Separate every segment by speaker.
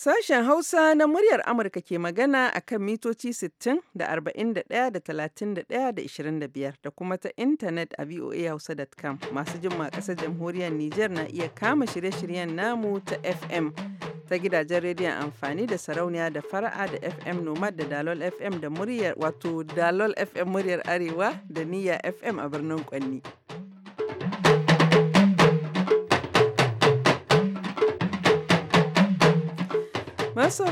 Speaker 1: Sashen Hausa na muryar Amurka ke magana a kan mitoci 60 da 41 da 31 da 25 da kuma ta intanet a voahausa.com masu jimma ƙasar jamhuriyar Nijar na iya kama shirye-shiryen namu ta FM ta gidajen rediyon amfani da sarauniya da fara'a da FM Nomad da Dalol FM da muryar wato Dalol FM muryar Arewa da Niyya FM a birnin Kwanni. Masu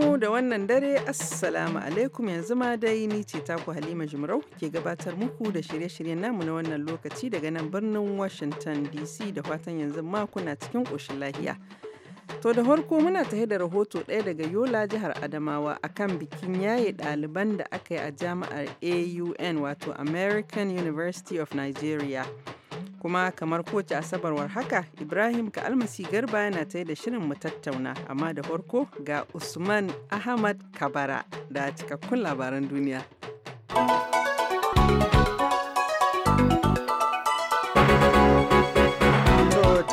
Speaker 1: mu da wannan dare Assalamu alaikum yanzu ma dai ni ce ta ku Halima Jumrau ke gabatar muku da shirye-shiryen namu na wannan lokaci daga nan birnin Washington DC da fatan yanzu ma kuna cikin ƙoshin lahiya. To da farko muna tahi da rahoto ɗaya daga Yola jihar Adamawa akan bikin yaye ɗaliban da aka yi a jami'ar AUN wato American University of Nigeria. kuma kamar kowace asabarwar haka Ibrahim ka almasi garba yana ta da shirin mu tattauna amma da farko ga Usman Ahmad Kabara da cikakkun labaran duniya.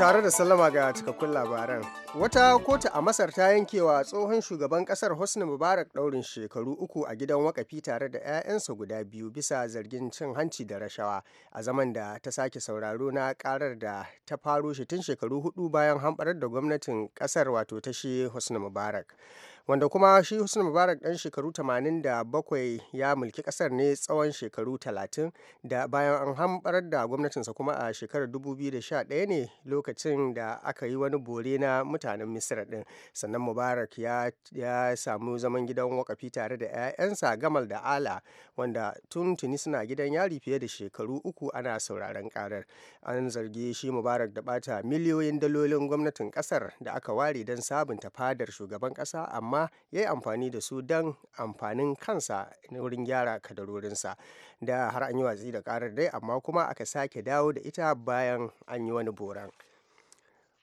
Speaker 2: Tare da sallama ga cikakkun labaran. Wata kotu a Masar ta yankewa tsohon shugaban kasar Hosni Mubarak daurin shekaru uku a gidan wakafi tare da 'ya'yansa guda biyu bisa zargin cin hanci da rashawa a zaman da ta sake sauraro na karar da ta faro shi tun shekaru hudu bayan hamɓarar da gwamnatin kasar wato ta shi Hosni Mubarak. wanda kuma shi husni mubarak dan shekaru 87 ya mulki kasar ne tsawon shekaru 30 da bayan an hambar da gwamnatinsa kuma a shekarar 2011 ne lokacin da aka yi wani bore na mutanen misir din sannan mubarak ya, samu zaman gidan wakafi tare da 'ya'yansa gamal da ala wanda tun tuni suna gidan yari fiye da shekaru uku ana sauraren karar an zargi shi mubarak da bata miliyoyin dalolin gwamnatin kasar da aka ware don sabunta fadar shugaban kasa amma amma ya yi amfani da su don amfanin kansa na wurin gyara kadarorinsa da har an yi watsi da karar dai amma kuma aka sake dawo da ita bayan an yi wani boran.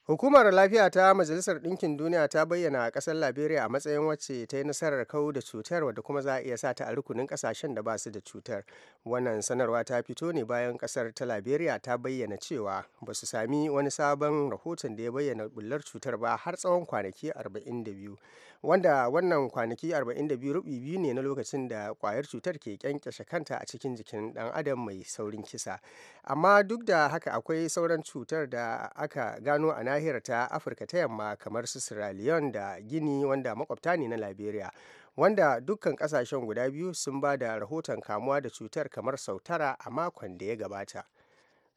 Speaker 2: Hukumar lafiya ta Majalisar Ɗinkin Duniya ta bayyana ƙasar Liberia a matsayin wacce ta yi nasarar kau da cutar wadda kuma za a iya sa ta a rukunin ƙasashen da ba su da cutar. Wannan sanarwa ta fito ne bayan ƙasar ta Liberia ta bayyana cewa ba su sami wani sabon rahoton da ya bayyana bullar cutar ba har tsawon kwanaki 42. wanda wannan kwanaki 42 rubi biyu ne na lokacin da kwayar cutar ke kyankyashe kanta a cikin jikin dan adam mai saurin kisa amma duk da haka akwai sauran cutar da aka gano a nahiyar ta afirka ta yamma kamar su sierra leone da gini wanda makwabta ne na liberia wanda dukkan kasashen guda biyu sun ba da rahoton kamuwa da cutar kamar sau tara a makon da ya gabata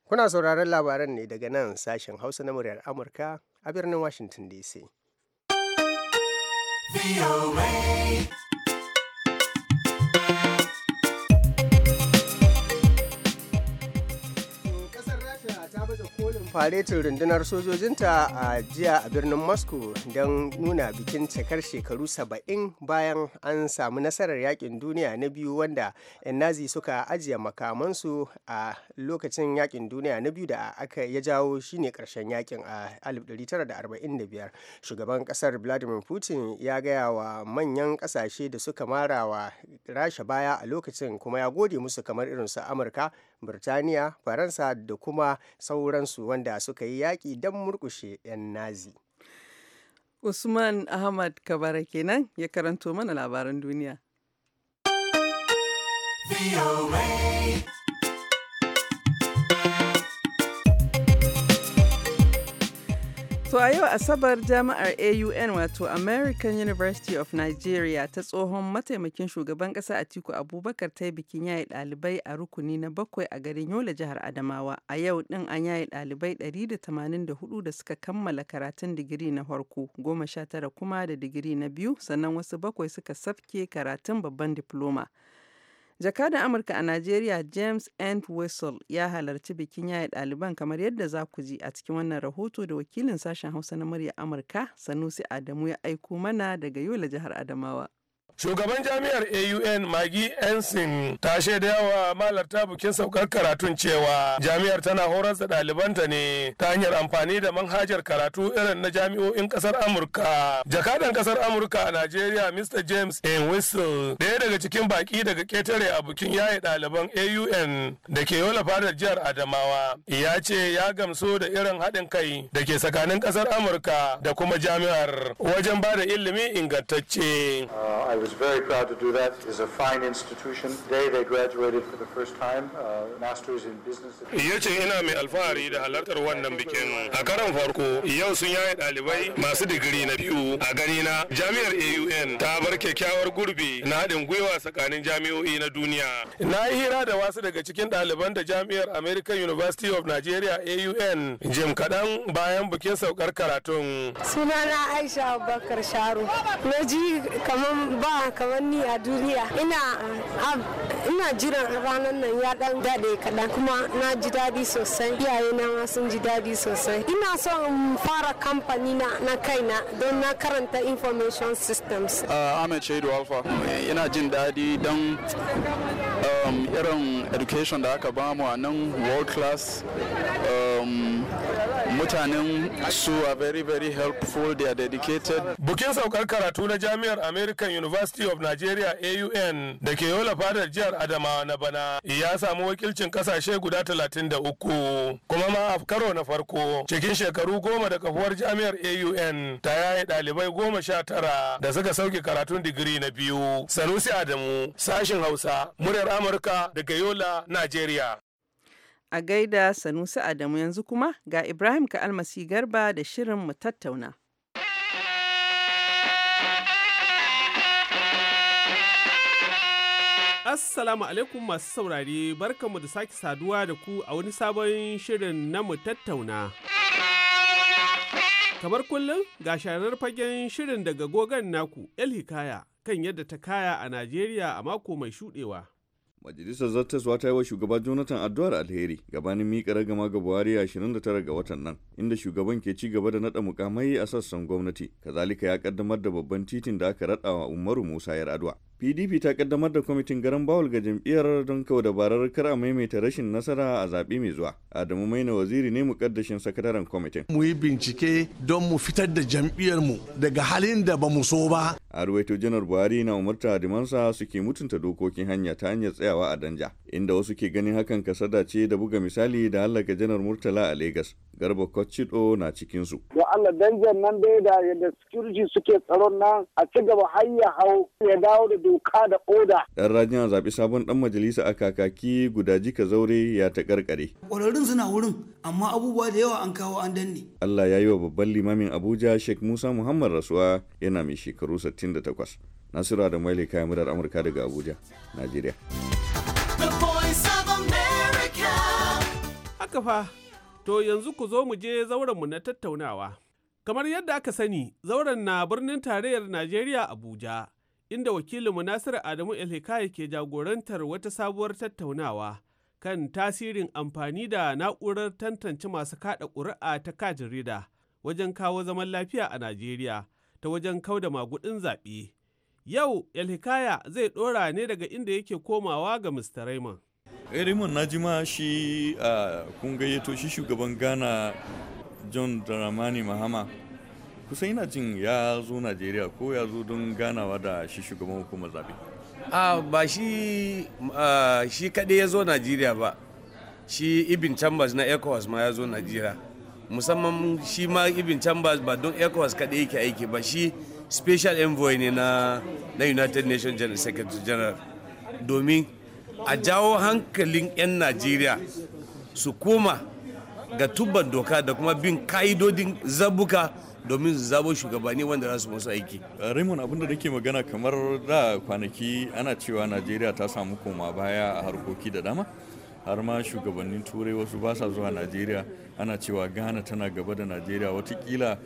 Speaker 2: kuna sauraron labaran ne daga nan sashen hausa na muryar amurka a birnin washington dc
Speaker 3: Be away.
Speaker 2: faretin rundunar sojojinta a jiya a birnin moscow don nuna bikin cikar shekaru 70 bayan an samu nasarar yakin duniya na biyu wanda 'yan nazi suka ajiye makamansu a lokacin yakin duniya na biyu da aka ya jawo shine karshen yakin a 1945 shugaban kasar vladimir putin ya gaya wa manyan kasashe da suka mara wa rasha baya a lokacin kuma ya gode musu kamar irin irinsu amurka birtaniya faransa da kuma sauransu wanda suka yi yaƙi don murkushe 'yan nazi
Speaker 1: usman ahmad kabara kenan ya karanto mana labaran duniya To a yau Asabar jami'ar AUN wato American University of Nigeria ta tsohon mataimakin shugaban ƙasa Atiku Abubakar ta yi bikin yaye dalibai a rukuni na bakwai a garin Yola jihar Adamawa. A yau din an yaye dalibai 184 da suka kammala karatun digiri na farko, goma sha tara kuma da digiri na biyu, sannan wasu bakwai suka safke karatun babban diploma. Jakadan Amurka a Najeriya James n wessel ya halarci bikin yaye ɗaliban kamar yadda za ku ji a cikin wannan rahoto da wakilin sashen Hausa na murya Amurka Sanusi Adamu ya aiko mana daga Yola jihar Adamawa. Shugaban jami'ar
Speaker 3: AUN Magi Ensin ta shaida yawa malarta bukin saukar karatun cewa jami'ar tana horar da ɗalibanta ne ta hanyar amfani da manhajar karatu irin na jami'o'in ƙasar Amurka. Jakadan ƙasar Amurka a Najeriya Mr. James A. Whistle ɗaya daga cikin baki daga ketare a bukin yaye ɗaliban AUN da ke yola fadar jihar Adamawa ya ce ya gamsu da irin haɗin kai da ke tsakanin ƙasar Amurka da kuma jami'ar wajen ba da ilimi ingantacce. Uh, was very proud to do that. is a fine institution. Today they graduated for the first time, uh, masters in business. Ya ce ina mai alfahari da halartar wannan bikin. A karon farko yau sun yaye ɗalibai masu digiri na biyu a gani na jami'ar AUN ta bar kyakkyawar gurbi na haɗin gwiwa tsakanin jami'o'i na duniya. Na yi hira da wasu daga cikin ɗaliban da jami'ar American University of Nigeria AUN jim kaɗan bayan bikin saukar karatun.
Speaker 4: Sunana Aisha
Speaker 2: Abubakar Sharu. Na ji kamar ba ba kamar ni a duniya ina ina jiran ranar nan ya dan dade kaɗan kuma na ji dadi sosai iyaye na ma sun ji daɗi sosai ina so in fara kamfani na na kaina don na karanta information systems
Speaker 3: Ahmed Shaidu Alfa ina jin daɗi don um, irin education da aka bamu a nan world class um, mutanen su are very very helpful they are dedicated bukin saukar karatu na jami'ar american university of nigeria aun da ke yola fadar jihar Adama na bana ya samu wakilcin kasashe guda 33 kuma ma a karo na farko cikin shekaru goma da kafuwar jami'ar aun ta yaye ɗalibai goma sha tara da suka sauke karatun digiri na biyu sanusi adamu sashin hausa muryar amurka daga yola nigeria
Speaker 1: A gaida Sanusi Adamu yanzu kuma ga Ibrahim Ka'almasi Garba da shirin mu tattauna.
Speaker 5: Assalamu alaikum masu saurare barkanmu da sake saduwa da ku a wani sabon shirin na mu tattauna. Kamar kullum ga sharar fagen shirin daga gogan naku El Hikaya kan yadda ta kaya a Najeriya a mako mai shudewa.
Speaker 6: Majalisar Zartaswa ta yi wa shugaba Jonathan addu'ar alheri gabanin miƙa ragama ga Buhari 29 ga watan nan, inda shugaban ke ci gaba da naɗa mukamai a sassan gwamnati, kazalika ya kaddamar da babban titin da aka raɗa wa Umaru Musa Yar'adua. pdp ta kaddamar da kwamitin garin bawul ga jam'iyyar don kawo dabarar kar a maimaita rashin nasara a zaɓe mai zuwa adamu maina waziri ne mukaddashin sakataren kwamitin
Speaker 7: mu yi bincike don mu fitar da jam'iyyar mu daga halin da ba mu so ba
Speaker 6: a ruwaito janar buhari na umarta dimansa suke mutunta dokokin hanya ta hanyar tsayawa a danja inda wasu ke ganin hakan kasada ce da buga misali da hallaka janar murtala a lagos garba kwacito na cikinsu
Speaker 8: don allah danjan nan dai da yadda security suke tsaron nan a ci gaba har hau ya dawo da duka da oda.
Speaker 6: Yan rajin zaɓi sabon ɗan majalisa a kakaki guda jika zaure ya ta ƙarƙare.
Speaker 8: Ƙwararrun suna wurin
Speaker 3: amma abubuwa da yawa an kawo an danne.
Speaker 6: Allah ya yi wa babban limamin Abuja Sheikh Musa Muhammad Rasuwa yana mai shekaru 68. Nasiru da Wale kayan murar Amurka daga Abuja, Najeriya.
Speaker 1: Haka fa,
Speaker 5: to yanzu ku zo mu je zauren mu na tattaunawa. Kamar yadda aka sani, zauren na birnin tarayyar Najeriya Abuja, inda wakilinmu Nasiru Adamu Elhikaya ke jagorantar wata sabuwar tattaunawa kan tasirin amfani da na'urar tantance masu kaɗa ƙuri'a ta ka jarida wajen kawo zaman lafiya a Najeriya ta wajen kauda magudin zaɓe. Yau Elhikaya zai ɗora ne daga inda yake komawa ga Mr. Raymond.
Speaker 6: Eh, Raymond Najima shi a ah, kun gayyato shi shugaban Ghana John Dramani Mahama kusan ina jin ya zo najeriya ko ya zo don ganawa da shi shugaban hukumar zaɓe
Speaker 4: a ba shi shi kaɗai ya zo najeriya ba shi ibin chambers na ecowas ma ya zo najeriya musamman shi ma ibin chambers ba don ecowas kaɗai yake aiki ba shi special envoy ne na, na united nations general secretary general domin a jawo hankalin 'yan najeriya su koma ga tubban doka da kuma bin ka'idodin zabuka domin su zabo shugabanni wanda za su musu aiki. Uh, Raymond abin da nake magana kamar da kwanaki ana cewa Najeriya
Speaker 6: ta samu koma baya a harkoki da dama. har ma shugabannin turai wasu ba sa zuwa najeriya ana cewa ghana tana gaba da najeriya watakila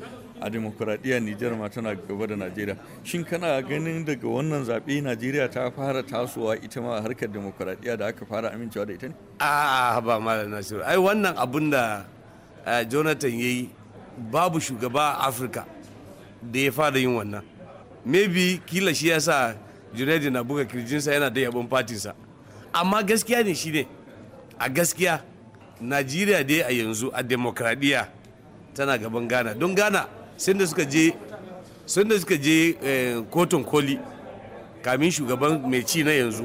Speaker 6: a demokuraɗiyya nijar ma tana gaba da najeriya shin kana ganin daga wannan zaɓe najeriya ta fara tasowa ita
Speaker 4: ma harkar demokuraɗiyya da aka fara amincewa da ita ne a ba malam nasiru ai wannan abun da eh, jonathan ya yi babu shugaba a afirka da ya fara yin wannan maybe kila shi ya sa junaidi na buga kirjinsa yana da yabon fatinsa amma gaskiya ne shi ne a gaskiya najeriya dai a yanzu a demokradiyya tana gaban ghana don ghana sun da suka je eh, kotun koli kamin shugaban mai ci na yanzu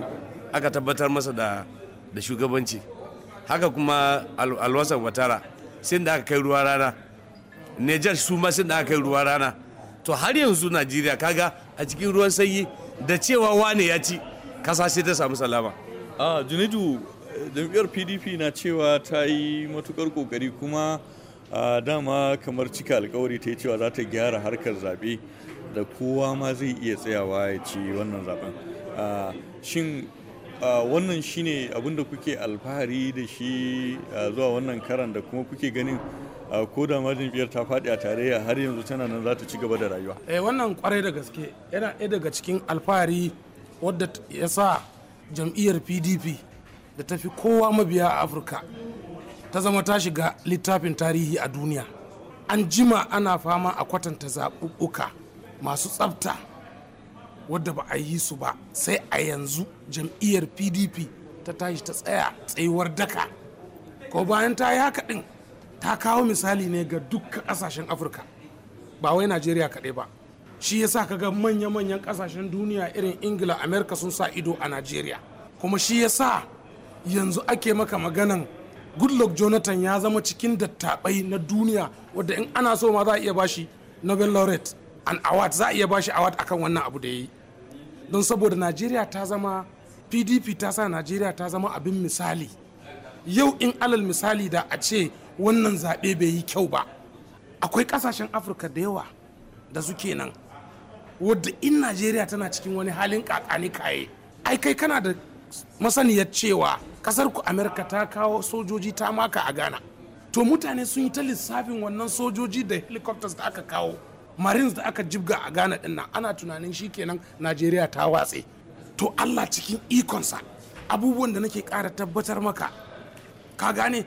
Speaker 4: aka tabbatar masa da, shugabanci haka kuma alwasan watara sai da aka kai ruwa rana Niger su ma da aka yi ruwa rana to har yanzu Najeriya kaga a cikin ruwan sanyi da cewa wane ya ci kasashe ta samu salama
Speaker 6: a Junaidu jam'iyyar PDP na cewa ta yi matukar kokari kuma a dama kamar cika alkawari ta yi cewa za ta gyara harkar zaɓe da kowa ma zai iya tsayawa ya ci wannan zaben shin wannan shine abin da kuke alfahari da shi zuwa wannan karan da kuma kuke ganin ko da biyar ta faɗi a tarayya har yanzu tana nan za ta ci gaba da rayuwa
Speaker 7: eh wannan kwarai da gaske yana ɗaya daga cikin alfahari wadda ya sa jam'iyyar pdp da ta fi kowa mabiya a afirka ta zama ta shiga littafin tarihi a duniya an jima ana fama a kwatanta zaɓuɓɓuka masu tsafta wadda ba a yi su ba sai a yanzu jam'iyyar pdp ta tashi ta tsaya tsayuwar daka ko bayan ta yi haka ɗin ta kawo misali ne ga dukkan kasashen afirka ba wai najeriya kaɗai ba shi yasa ga manya-manyan kasashen duniya irin ingila amerika sun sa ido a najeriya kuma shi yasa yanzu ake maka maganan goodluck jonathan ya zama cikin dattabai na duniya wadda in ana so ma za a iya bashi nobel laureate an award za a iya bashi award akan wannan abu da ya yi don saboda najeriya ta zama pdp ta sa najeriya ta zama abin misali yau in alal misali da a ce wannan zaɓe bai yi kyau ba akwai ƙasashen afirka da yawa da suke nan wadda in najeriya tana cikin wani halin kakani kaye ai kai kana da masaniyar cewa ƙasar ku amerika ta kawo sojoji ta maka a ghana to mutane sun yi ta lissafin wannan sojoji da helicopters da aka kawo marines da aka jibga a ghana din nan ana tunanin shi kenan najeriya ta watse to allah cikin ikonsa abubuwan da nake ƙara tabbatar maka ka gane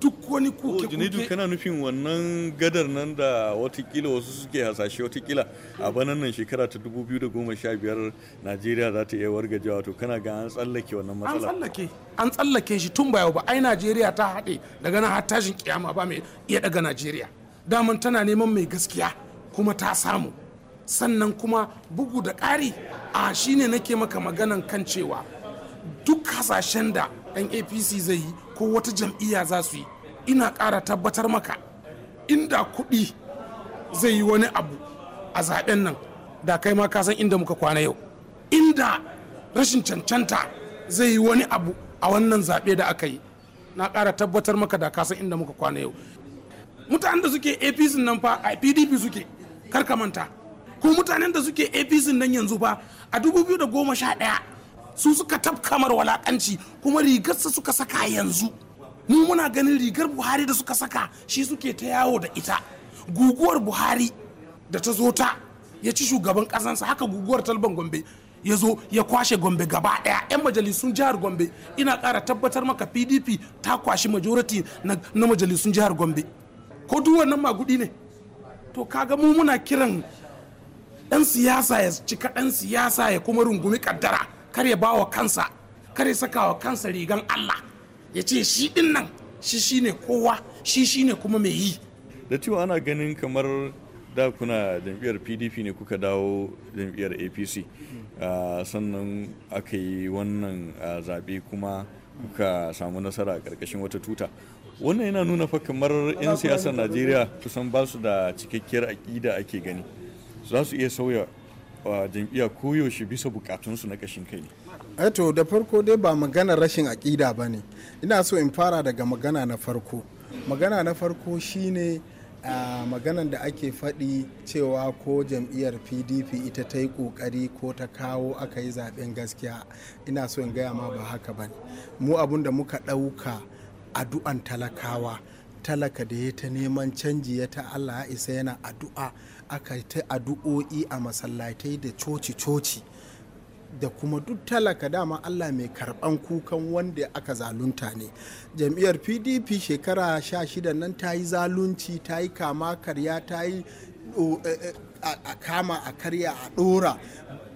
Speaker 7: duk wani kuke
Speaker 6: kuke oh, kana nufin wannan gadar nan da watakila wasu suke hasashe watakila a banan nan shekara ta 2015 najeriya za ta iya wargajewa to kana ga an tsallake wannan matsala
Speaker 7: an tsallake shi tun bayo ba ai najeriya ta haɗe daga nan har tashin kiyama ba mai iya daga najeriya daman tana neman mai gaskiya kuma ta samu sannan kuma bugu da ƙari a shine nake maka maganan kan cewa duk hasashen da Ɗan apc zai yi ko wata jam'iyya za su yi ina ƙara tabbatar maka inda kuɗi zai yi wani abu a zaɓen nan da kai ma kasan inda muka kwana yau inda rashin cancanta zai yi wani abu a wannan zaɓe da aka yi na ƙara tabbatar maka da kasan inda muka kwana yau mutanen da suke apc nan fa a pdp suke karka manta ko mutanen da suke apc nan yanzu fa a 2011 su suka tafkamar walakanci kuma rigarsa suka saka yanzu mu muna ganin rigar buhari da suka saka shi suke ta yawo da ita guguwar buhari da ta zo ta ya ci shugaban ƙasansa haka guguwar talban gombe ya zo ya kwashe gombe gaba daya yan majalisun jihar gombe ina kara tabbatar maka pdp ta kwashi majority na, majalisun jihar gombe ko duk wannan magudi ne to kaga mu muna kiran dan siyasa ya cika dan siyasa ya kuma rungumi kaddara kar ya ba wa kansa kar ya saka wa kansa rigan Allah ya ce shi din nan shi shine kowa shi shine kuma mai yi
Speaker 6: da cewa ana ganin kamar da kuna jam'iyyar pdp ne kuka dawo jam'iyyar apc ah, sannan aka yi wannan ah, zaɓe kuma kuka samu nasara a ƙarƙashin wata tuta wannan yana nuna fa kamar 'yan siyasar najeriya kusan ba su da cikakkiyar aƙida ake gani za su iya sauya jam'iyyar koyaushe bisa bukatunsu na kashin kai
Speaker 9: eh to da farko dai ba magana rashin aƙida ba ne ina so in fara daga magana na farko magana na farko shine maganan da ake faɗi cewa ko jam'iyyar pdp ita ta yi ƙoƙari ko ta kawo aka yi zaɓen gaskiya ina so in gaya ma ba haka ba ne mu abun da muka ɗauka addu'an talakawa talaka da ya ta neman canji ya ta allah ya isa yana addu'a aka ta addu'o'i a masallatai da coci-coci da kuma duk talaka dama allah mai karban kukan wanda aka zalunta ne jam'iyyar pdp shekara 16 nan ta yi zalunci ta yi kama karya ta yi e, e, a kama a karya a dora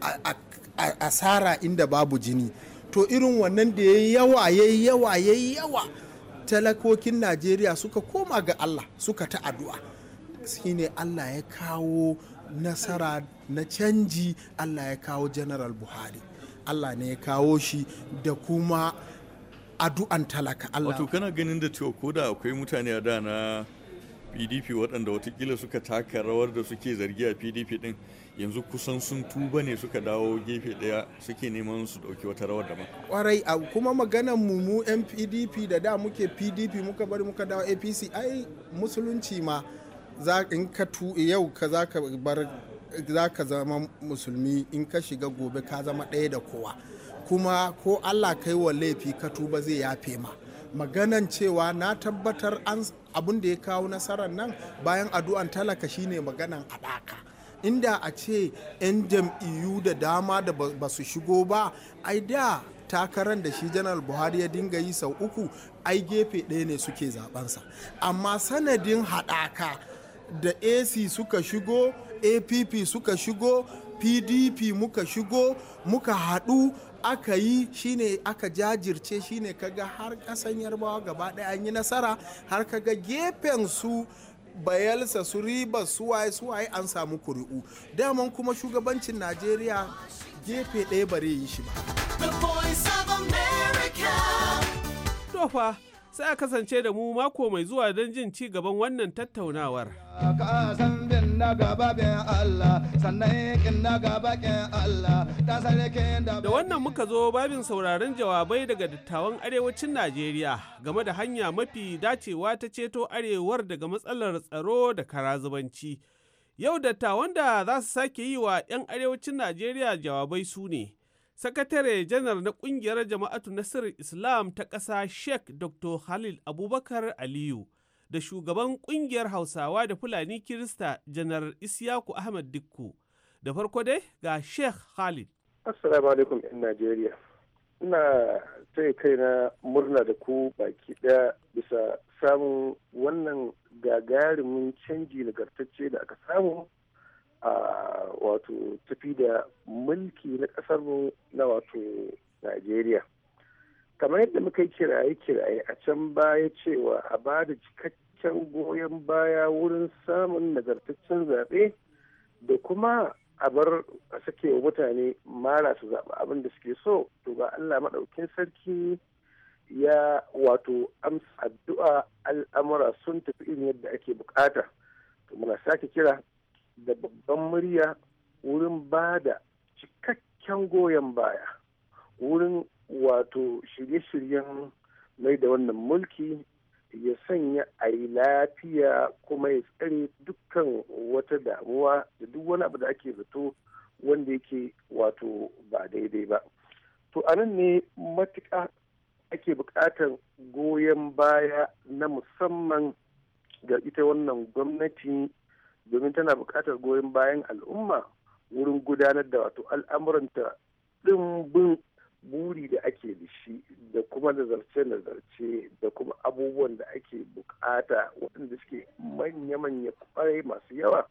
Speaker 9: a asara inda babu jini to irin wannan da ya yawa ya yawa ya yawa talakokin najeriya suka koma ga allah suka ta addu'a shine allah ya kawo nasara na canji allah ya kawo general buhari allah ne ya kawo shi da kuma addu'an talaka allah wato kana ganin da cewa koda akwai mutane
Speaker 6: a da na pdp waɗanda watakila suka taka rawar da suke zargi a pdp ɗin yanzu kusan sun tuba ne suka dawo gefe ɗaya suke neman su ɗauki wata rawar daban
Speaker 9: kwarai a kuma maganan mu mu yan pdp da da muke pdp muka bari muka dawo apc ai musulunci ma in ka tu yau ka za bar za ka zama musulmi in ka shiga gobe ka zama ɗaya da kowa kuma ko allah kai wa laifi ka tuba zai yafe ma maganan cewa na tabbatar abin da ya kawo nasarar nan bayan addu'an talaka shine maganan haɗaka inda a ce 'yan jam'iyyu da dama da ba su shigo ba ai da takarar da shi janar buhari ya dinga yi sau uku ai gefe ɗaya ne suke zabansa amma sanadin haɗaka da ac suka shigo app suka shigo pdp muka shigo muka haɗu aka yi shine aka jajirce shine kaga har ƙasan yarbawa gaba ɗaya an yi nasara har kaga gefen su bayelsa su riba suwaye suwaye an samu kuri'u daman kuma shugabancin najeriya gefe ɗaya bare yi shi ba.
Speaker 5: The sai a kasance da mu mako mai zuwa don jin ci gaban wannan tattaunawar.
Speaker 3: Da wannan muka zo babin sauraron
Speaker 5: jawabai daga dattawan arewacin Najeriya game da hanya mafi dacewa ta ceto arewar daga matsalar tsaro da karazubanci. Yau dattawan da za su sake yi wa 'yan arewacin Najeriya jawabai su ne. sakatare janar na kungiyar jama'atu nasir islam ta ƙasa sheikh dr khalil abubakar aliyu da shugaban kungiyar hausawa da fulani kirista janar isyaku ahmad dikku da farko dai ga sheikh khalil
Speaker 10: assalamu alaikum yan najeriya ina taya kaina murna da ku baki ɗaya bisa samun wannan gagarumin canji nagartacce da aka samu wato tafi da mulki na ƙasar mu na wato Najeriya. Kamar yadda muka yi kiraye-kiraye a can baya cewa a ba da cikakken goyon baya wurin samun nagartaccen zaɓe da kuma a bar a sake wa mutane mara su zaɓa abin da suke so to ba Allah maɗaukin sarki ya wato amsa addu'a al'amura sun tafi irin yadda ake bukata to muna sake kira da babban murya wurin ba da cikakken goyon baya wurin wato shirye-shiryen mai da wannan mulki ya sanya a yi lafiya kuma ya tsare dukkan wata damuwa da duk wani abu da ake zato wanda yake wato ba daidai ba to anan ne matuƙa ake buƙatar goyon baya na musamman ga ita wannan gwamnati domin tana bukatar goyon bayan al'umma wurin gudanar da wato al'amuranta ɗimbin buri da ake da shi da kuma nazarce-nazarce da kuma abubuwan da ake bukata waɗanda suke manya-manya kwarai masu yawa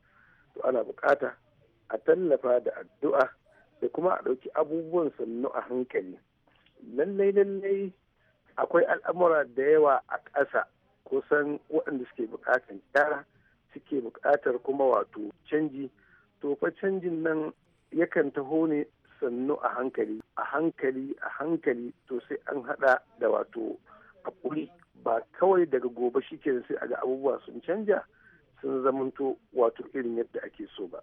Speaker 10: to ana bukata a tallafa da addu'a da kuma a ɗauki abubuwan sannu a hankali lallai lallai akwai al'amura da yawa a ƙasa kusan waɗanda suke bukatan gyara suke buƙatar kuma wato canji to fa canjin nan yakan taho ne sannu a hankali a hankali a hankali to sai an hada da wato hakuri ba kawai daga gobe shi ke sai a ga abubuwa sun canja sun zamanto wato irin yadda ake so ba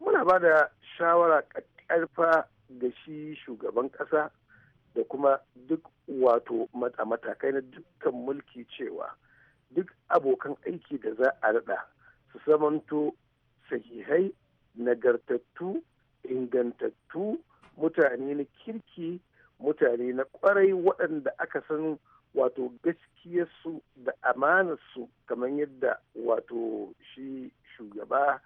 Speaker 10: muna ba da shawara ƙarfa ga shi shugaban ƙasa da kuma duk wato matakai na dukkan mulki cewa duk abokan aiki da za a rada su zamanto sahihai nagartattu ingantattu mutane na kirki mutane na kwarai waɗanda aka san wato gaskiyarsu da amanarsu kamar yadda wato shi shugaba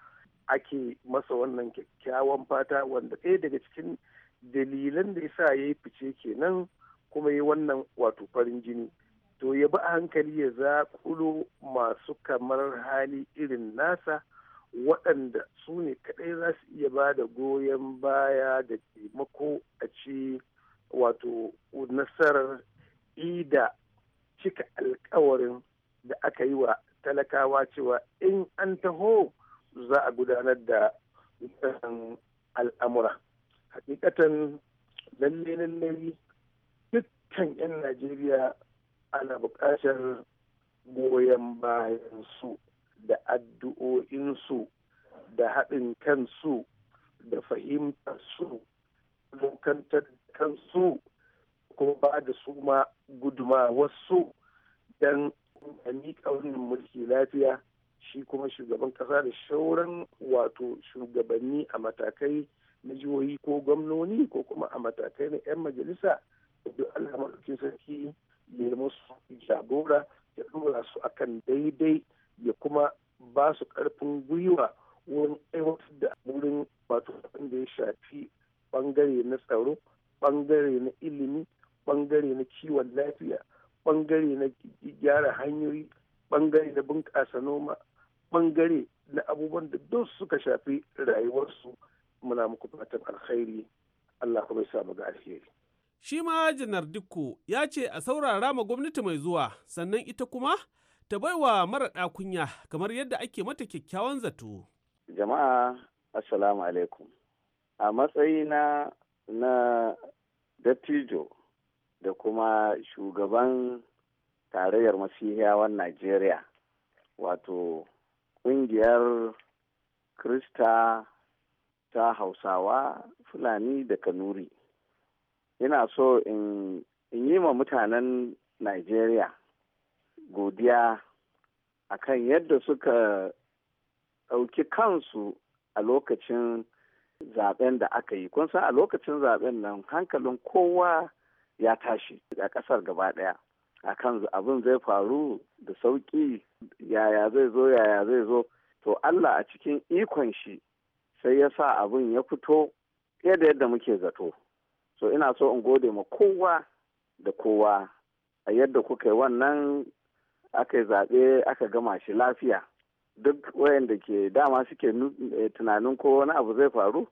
Speaker 10: ake masa wannan kyakkyawan fata wanda ɗaya daga cikin dalilan da ya sa ya yi fice kenan kuma yi wannan wato farin jini. to ya bi a hankali ya zaƙulo masu kamar hali irin nasa waɗanda su ne kaɗai za su iya ba da goyon baya da taimako a ci wato nasarar ida cika alkawarin da aka yi wa talakawa cewa in an taho za a gudanar da al'amura hakikatan lalle lalle dukkan 'yan najeriya ana bukatar goyon bayan su da addu'o'insu da haɗin kansu da fahimtar su kansu kuma ba da su ma guduma wasu don a miƙa mulki lafiya shi kuma shugaban ƙasa da shauran wato shugabanni a matakai na jihohi ko gwamnoni ko kuma a matakai na 'yan majalisa da duk Allah sarki nemo su jagora ya dora su akan daidai ya kuma ba su karfin gwiwa wurin aiwatar da wurin wato da ya shafi bangare na tsaro bangare na ilimi bangare na kiwon lafiya bangare na gyara hanyoyi bangare na bunƙasa noma bangare na abubuwan da duk suka shafi rayuwarsu muna muku fatan alkhairi Allah kuma ya samu ga alheri
Speaker 5: Shi ma Janar Dikko ya ce a saurara ma gwamnati mai zuwa sannan ita kuma ta baiwa mara ɗakunya kamar yadda ake mata kyakkyawan zato.
Speaker 8: Jama'a Assalamu alaikum. A matsayi na dattijo da kuma shugaban tarayyar masihiyawan Najeriya wato ƙungiyar Krista ta Hausawa Fulani da Kanuri. ina so in yi ma mutanen Najeriya godiya a kan yadda suka ɗauki kansu a lokacin zaben da aka yi kun san a lokacin zaben nan hankalin kowa ya tashi a ƙasar gaba ɗaya kan abin zai faru da sauƙi yaya zai zo yaya zai zo to Allah a cikin ikon shi sai ya sa abin ya fito yadda yadda muke zato so ina so in gode ma kowa da kowa a yadda kuka yi wannan aka zaɓe aka gama shi lafiya duk wayanda ke dama suke eh, tunanin ko wani abu zai faru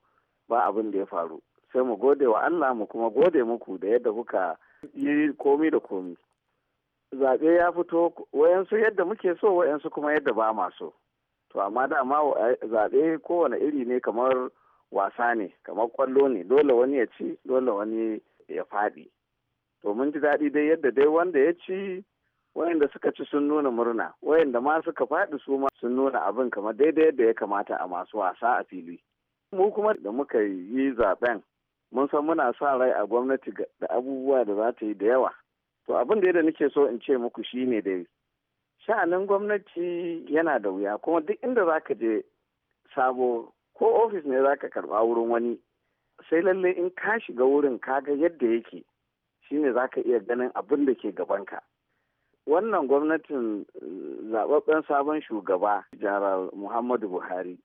Speaker 8: ba abin da ya faru sai mu gode wa Allah mu kuma gode muku da yadda kuka yi komi da komi zaɓe ya fito wayansu yadda muke so wayansu kuma yadda ba masu to amma dama zaɓe kowane iri ne kamar wasa ne kamar kwallo ne dole wani ya ci dole wani ya faɗi to mun ji daɗi dai yadda dai wanda ya ci wayanda suka ci sun nuna murna wayanda ma suka faɗi su ma sun nuna abin kamar daidai yadda ya kamata a masu wasa a fili mu kuma da muka yi zaben mun san muna sa rai a gwamnati da abubuwa da za ta yi da yawa to abin da yadda nake so in ce muku shine dai sha'anin gwamnati yana da wuya kuma duk inda za ka je sabo ko ofis ne za ka karba wurin wani sai lalle in ka shiga wurin ka ga yadda yake shine za ka iya ganin abin da ke gabanka wannan gwamnatin eh, zababben sabon shugaba general muhammadu buhari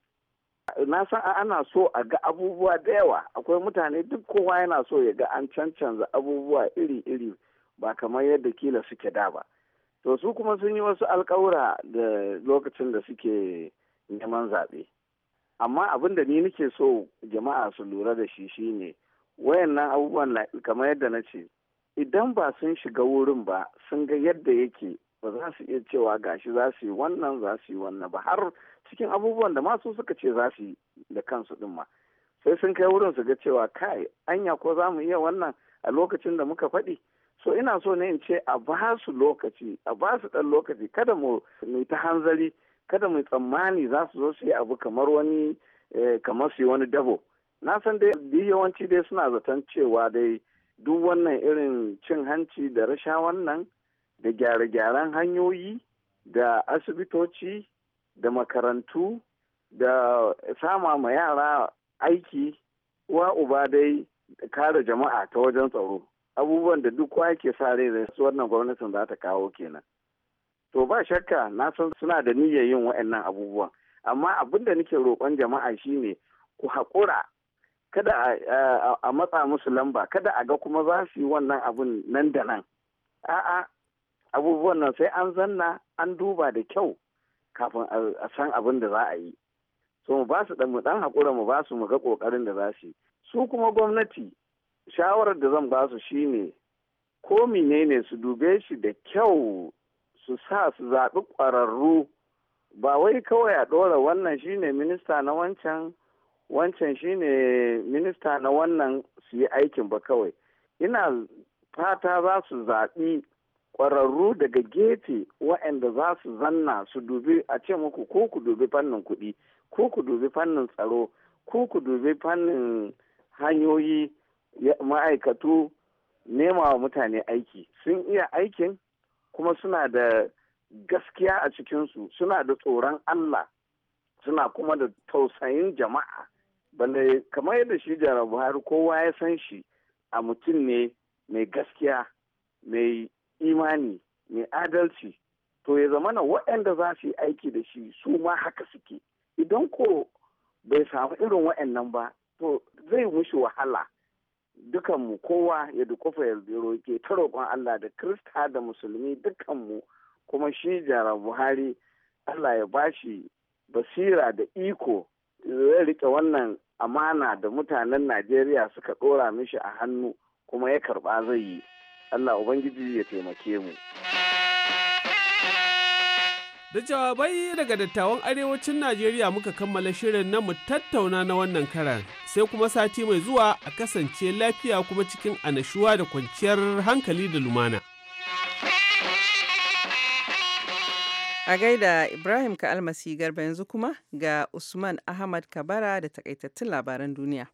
Speaker 8: na san ana so a ga abubuwa da yawa akwai mutane duk kowa yana so ya ga an cancanza abubuwa iri-iri ba kamar yadda kila suke da ba to su kuma sun yi wasu alkawura da lokacin da suke neman zaɓe amma abin da ni nake so jama'a su lura da shi shine wayannan abubuwan kamar yadda na ce idan ba sun shiga wurin ba sun ga yadda yake ba za su iya cewa gashi za su yi wannan za su yi wannan ba har cikin abubuwan da masu suka ce za su yi da kansu din ma sai sun kai wurin su ga cewa kai anya ko za mu iya wannan a lokacin da muka faɗi so ina so ne in ce a ba su lokaci a ba su ɗan lokaci kada mu ta hanzari kada mu tsammani za su zo su yi abu kamar wani eh, kamar su yi wani dabo na san dai yawanci dai suna zaton cewa dai duk wannan irin cin hanci da rasha wannan da gyare-gyaren hanyoyi da asibitoci da makarantu da sama ma yara aiki wa uba dai kare jama'a ta wajen tsaro abubuwan da duk wa ke sa rai da wannan gwamnatin za ta kawo kenan to ba shakka na san suna da niyyar yin waɗannan abubuwan amma abin da nake roƙon jama'a shine ku haƙura kada a matsa musu lamba kada a ga kuma za su yi wannan abun nan da nan a'a abubuwan nan sai an zanna an duba da kyau kafin a san abin da za a yi so mu ba su dan mu dan haƙura mu ba su mu ga ƙoƙarin da za su yi. su kuma gwamnati shawarar da zan ba su shine ko menene su dube shi da kyau su sa su zaɓi ƙwararru ba wai kawai a ɗora wannan shine minista na wancan wancan shine minista na wannan su yi aikin ba kawai ina fata za su zaɓi ƙwararru daga gefe waɗanda za su zanna su dubi a ce muku ko ku dubi fannin kuɗi ko ku dubi fannin tsaro ko ku dubi fannin hanyoyi ma'aikatu nema wa mutane aiki sun iya aikin kuma suna da gaskiya a cikinsu suna da tsoron Allah suna kuma da tausayin jama'a balle kamar yadda shi jara buhari kowa ya san shi a mutum ne mai gaskiya mai imani mai adalci to ya zama zamana waɗanda za su yi aiki da shi su ma haka suke idan ko bai samu irin waɗannan ba to zai mushi wahala dukanmu kowa ya dukufa ya roƙe ta roƙon Allah da Kirista da Musulmi dukanmu kuma shi jara Buhari Allah ya bashi basira da iko zai rike wannan amana da mutanen Najeriya suka ɗora mishi a hannu kuma ya karɓa zai yi. Allah Ubangiji ya taimake mu.
Speaker 5: Da jawabai daga dattawan arewacin Najeriya muka kammala shirin na mu tattauna na wannan karan sai kuma sati mai zuwa a kasance lafiya kuma cikin anashuwa da kwanciyar hankali da lumana.
Speaker 1: A gaida Ibrahim ka almasi garba yanzu kuma ga Usman Ahmad Kabara da takaitattun labaran duniya.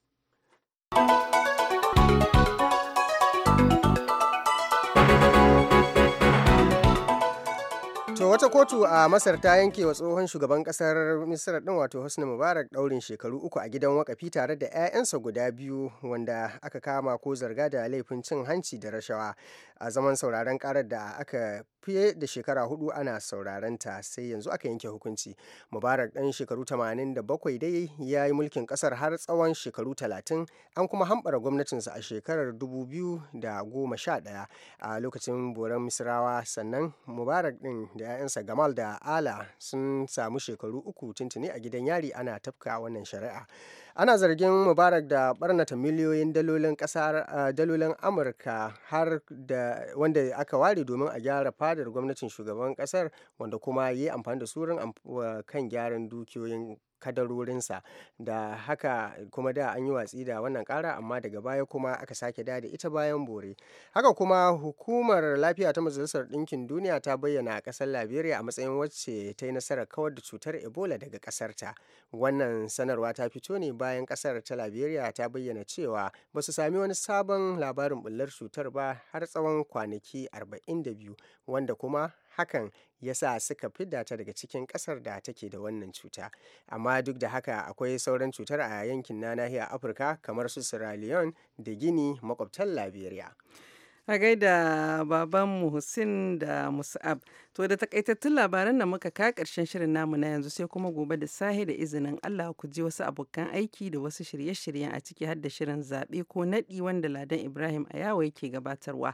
Speaker 2: To wata kotu a Masar ta yanke wa tsohon shugaban kasar misira din wato Hosni Mubarak daurin shekaru uku a gidan wakafi tare da 'ya'yansa guda biyu wanda aka kama ko zarga da laifin cin hanci da rashawa a zaman sauraron karar da aka fiye da shekara hudu ana sauraron ta sai yanzu aka yanke hukunci mubarak dan shekaru 87 dai ya yi mulkin kasar har tsawon shekaru 30 an kuma hambara gwamnatinsa a shekarar 2011 a lokacin boran misrawa sannan mubarak din da 'ya'yansa gamal da ala sun samu shekaru uku tuntuni a gidan yari ana tafka wannan shari'a ana zargin mubarak da barnata miliyoyin dalolin kasar dalolin amurka har da wanda aka ware domin a gyara al'adar gwamnatin shugaban ƙasar wanda kuma ya yi amfani da su kan gyaran dukiyoyin kadarorinsa da haka kuma da an yi watsi da wannan kara amma daga baya kuma aka sake da da ita bayan bore haka kuma hukumar lafiya ta majalisar ɗinkin duniya ta bayyana a ƙasar liberia a matsayin wacce ta yi nasarar kawar da cutar ebola daga ƙasarta wannan sanarwa ta fito ne bayan ƙasar ta liberia ta bayyana cewa ba su sami wani sabon labarin bullar cutar ba har tsawon kwanaki 42 wanda kuma hakan ya sa suka fidda ta daga cikin kasar da take da wannan cuta amma duk da haka akwai sauran cutar a yankin na nahiyar afirka kamar su sierra leone da gini makwabtar liberia
Speaker 1: a gaida babanmu Hussein da mus'ab To da takaitattun labaran da muka ka karshen shirin namu na yanzu sai kuma gobe da sahi da izinin Allah ku ji wasu abokan aiki da wasu shirye-shiryen a ciki har da shirin zaɓe ko naɗi wanda Ladan Ibrahim a yawo yake gabatarwa.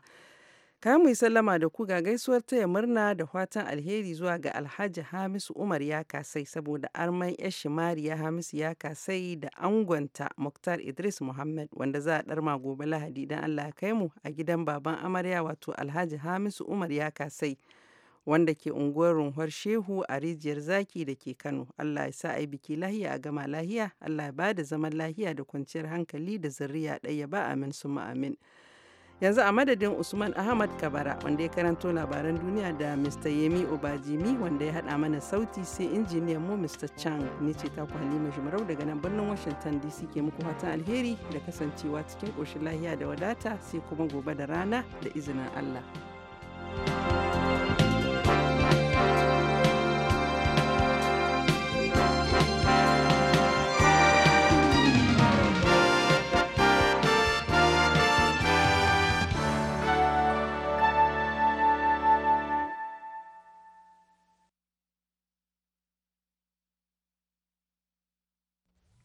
Speaker 1: mu yi sallama da ku ga gaisuwar taya murna da fatan alheri zuwa ga Alhaji Hamisu Umar ya kasai saboda arman shimari ya Hamisu ya kasai da angonta Muktar Idris Muhammad wanda za a darma gobe Lahadi don Allah kai mu a gidan baban amarya wato Alhaji Hamisu Umar ya kasai wanda ke unguwar Runhuwar Shehu a rijiyar Zaki da ke Kano. Allah ya sa a biki lahiya a gama lahiya, Allah ya ba da zaman lahiya da kwanciyar hankali da zuriya ɗaya ba amin suma amin. yanzu a madadin usman ahmad kabara wanda ya karanto labaran duniya da mr yemi obajimi wanda ya hada mana sauti sai injiniyan mu mr chang ne ce ta halima jimarau daga nan birnin washington dc ke muku fatan alheri da kasancewa cikin koshin lahiya da wadata sai kuma gobe da rana da izinin allah